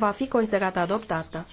va fi considerată adoptată.